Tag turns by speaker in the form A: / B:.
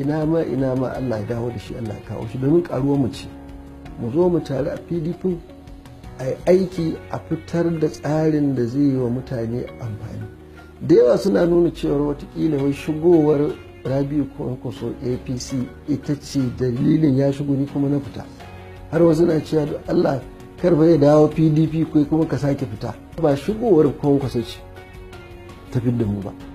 A: ina ma ina ma Allah ya dawo da shi Allah ya kawo shi domin karuwar mu ce mu zo mu tare a PDP a yi aiki a fitar da tsarin da zai yi wa mutane amfani da yawa suna nuna cewa watakila wai shigowar rabiu kwankwaso apc ita ce dalilin ya shigo ni kuma na fita har wasu na cewa da allah karfa ya dawo pdp kai kuma ka sake fita ba shigowar kwankwaso ce ta da mu ba